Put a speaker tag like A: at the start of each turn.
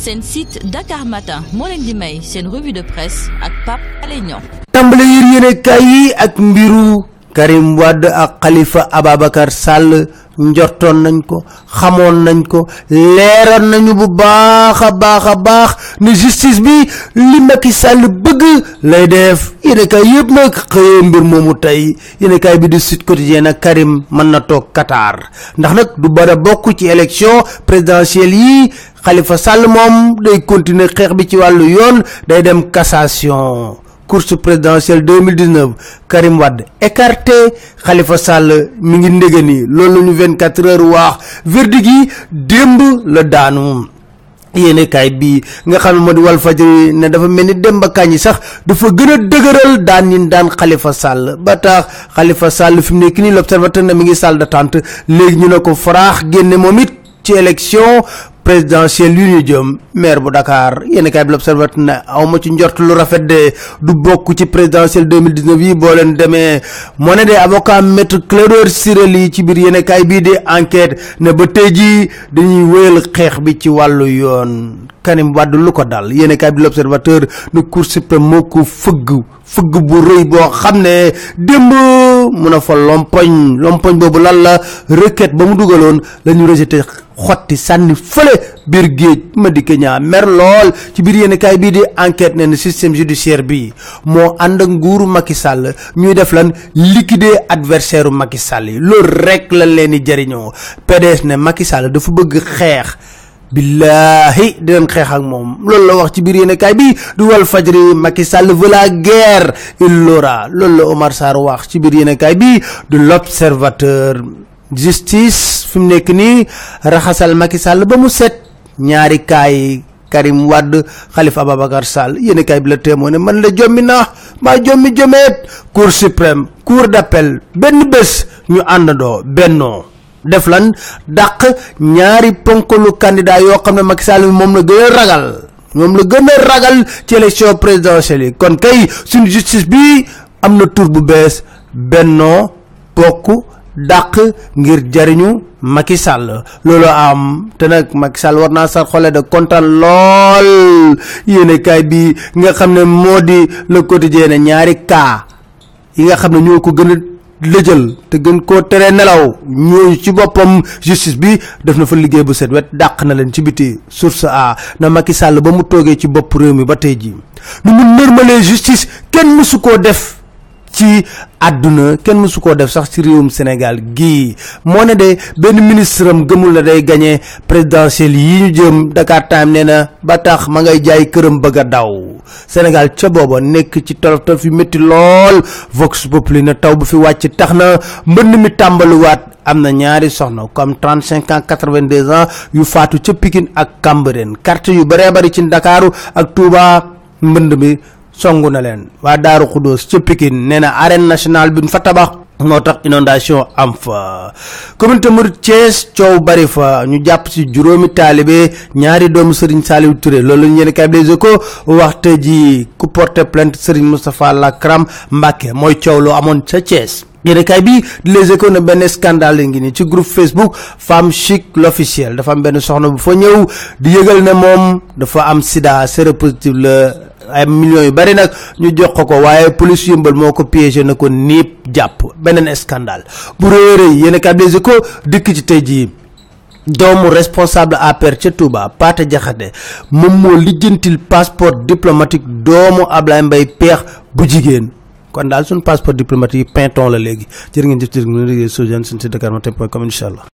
A: seen site Dakar Matin moo leen di may seen revue de presse ak Pape Alé Niang tàmbale yër ak mbiru Karim Wade ak Khalifa Ababacar Sall njortoon nañ ko xamoon nañ ko leeroon nañu bu baax a baax a baax ne justice bi li Macky Sall bëgg lay def yéenekaay yëpp nag xëyee mbir moomu tey yéenekaay bi di Sud Quotidien nag Karim mën na toog Qatar ndax nag du bara bokk ci élection présidentielle yi xalifa Sall moom day continuer xeex bi ci wàllu yoon day dem cassation course présidentielle 2019 Karim Wade écarté xalifa Sall mi ngi ndege nii loolu la ñu 24 heures waax verdict gi démb la daanu. yéenekaay bii nga xam ne moo di Walfadjri ne dafa mel ni Demba Kandji sax dafa gën a dëgëral daan ñin daan xalifa Sall ba tax Khalifa Sall fi mu nekk nii l'observateur na mi ngi salle tant léegi ñu ne ko faraax génne moom it ci élection présidentielle yu ñu jëm maire bu Dakar yéen kaay bi l'observateur ne awma ci njort lu rafet de du bokk ci présidentielle 2019 yi boo leen demee moo ne de avocat maître Clédor Ciré Ly ci biir yenekaay bii di enquête ne ba tey jii dañuy wéyal xeex bi ci wàllu yoon Karim wàdd lu ko dal yéen kaay bi l'observateur ne Cour suprême moo ko fëgg fëgg bu rëy boo xam ne démb mun a fa lompoñ lompoñ boobu lan la requête ba mu dugaloon la ñu xotti sànni fële biir géej Madické Niang mer lool ci biir yéenekaay bii di enquête ne système judiciaire bii moo ànd ak nguuru Macky Sall ñuy def lan liquider adversaire u Macky Sall yi loolu rek lañ leen di jëriñoo PDS ne Macky Sall dafa bëgg xeex billahi di leen xeex ak moom loolu la wax ci biir yéenekaay bi du wal fajri Macky Sall veut guerre il l'aura loolu la Omar Sarr wax ci biir yéenekaay bi du l'observateur justice fi mu nekk nii raxasal Macky Sall ba mu set ñaari kaay Karim Wade Khalifa Ababacar Sall yéen kaay bi la témoin ne man la jommi naa maa jommi jomeet cour suprême cour d'appel benn bés ñu àndandoo bennoo def lan dàq ñaari ponkalu candidat yoo xam ne Macky Sall moom la gën a ragal moom la gën a ragal ci élection présidentielle yi kon kay suñu justice bi am na tur bu bees bennoo bokk dàq ngir jariñu Macky Sall loolu am te nag Macky war naa sar xole de kontaan lool yéenekaay bi nga xam ne moo di Le Quotidien ñaari cas yi nga xam ne ñoo ko gën a lëjal te gën koo tere nelaw ñooñu ci boppam justice bi def na fa liggéey bu set wet dàq na leen ci biti source a na Macky Sall ba mu toogee ci bopp réew mi ba tey ji nu mu nërmalee justice kenn mësu koo def ci àdduna kenn mësu koo def sax ci réewum Sénégal gii moo ne de benn ministre am gëmul na day gagné présidentielle yi ñu jëm Dakar Time nee na ba tax ma ngay jaay këram bëgg a daw Sénégal ca booba nekk ci tolof tolof yu métti lool Vox Populi na taw bu fi wàcc tax na mbënn mi tàmbaliwaat. am na ñaari soxna comme 35 ans 82 ans yu faatu ca Pikine ak Cambérène kart yu baree bëri ci Ndakaaru ak Touba mbënd mi songu na leen waa Daaru Xudóos ca Pikine nee na arène nationale bi nu fa tabax moo tax inondation am fa communauté Murid Thiès coow bari fa ñu jàpp ci juróomi taalibe ñaari doomu Serigne Saliou Touré loolu ñu yéen kay Les Échos waxte ji ku plante plainte Serigne Moustapha Lakram Mbacke mooy coow loo amoon ca Thiès. yéenekaay bi di Les Échos benn scandale ngi nii ci groupe Facebook Femme Chic l'officiel dafa am benn soxna bu fa ñëw di yëgal na moom dafa am sida séropositif la ay millions yu bari nag ñu jox ko ko waaye police yëmbal moo ko piégé na ko nii jàpp beneen scandale bu rëy rëy yéenekaay bi Les dikk ci tey jii doomu responsable APR e ca Touba Pate Jaxate moom moo lijjantil passeport diplomatique doomu Ablaye Mbaye Peex bu jigéen kon daal suñu passeport diplomatique yi pinton la léegi jërë ngeen jëf jërë ngeen jëf Sow Diagne suñu site Dakar point com incha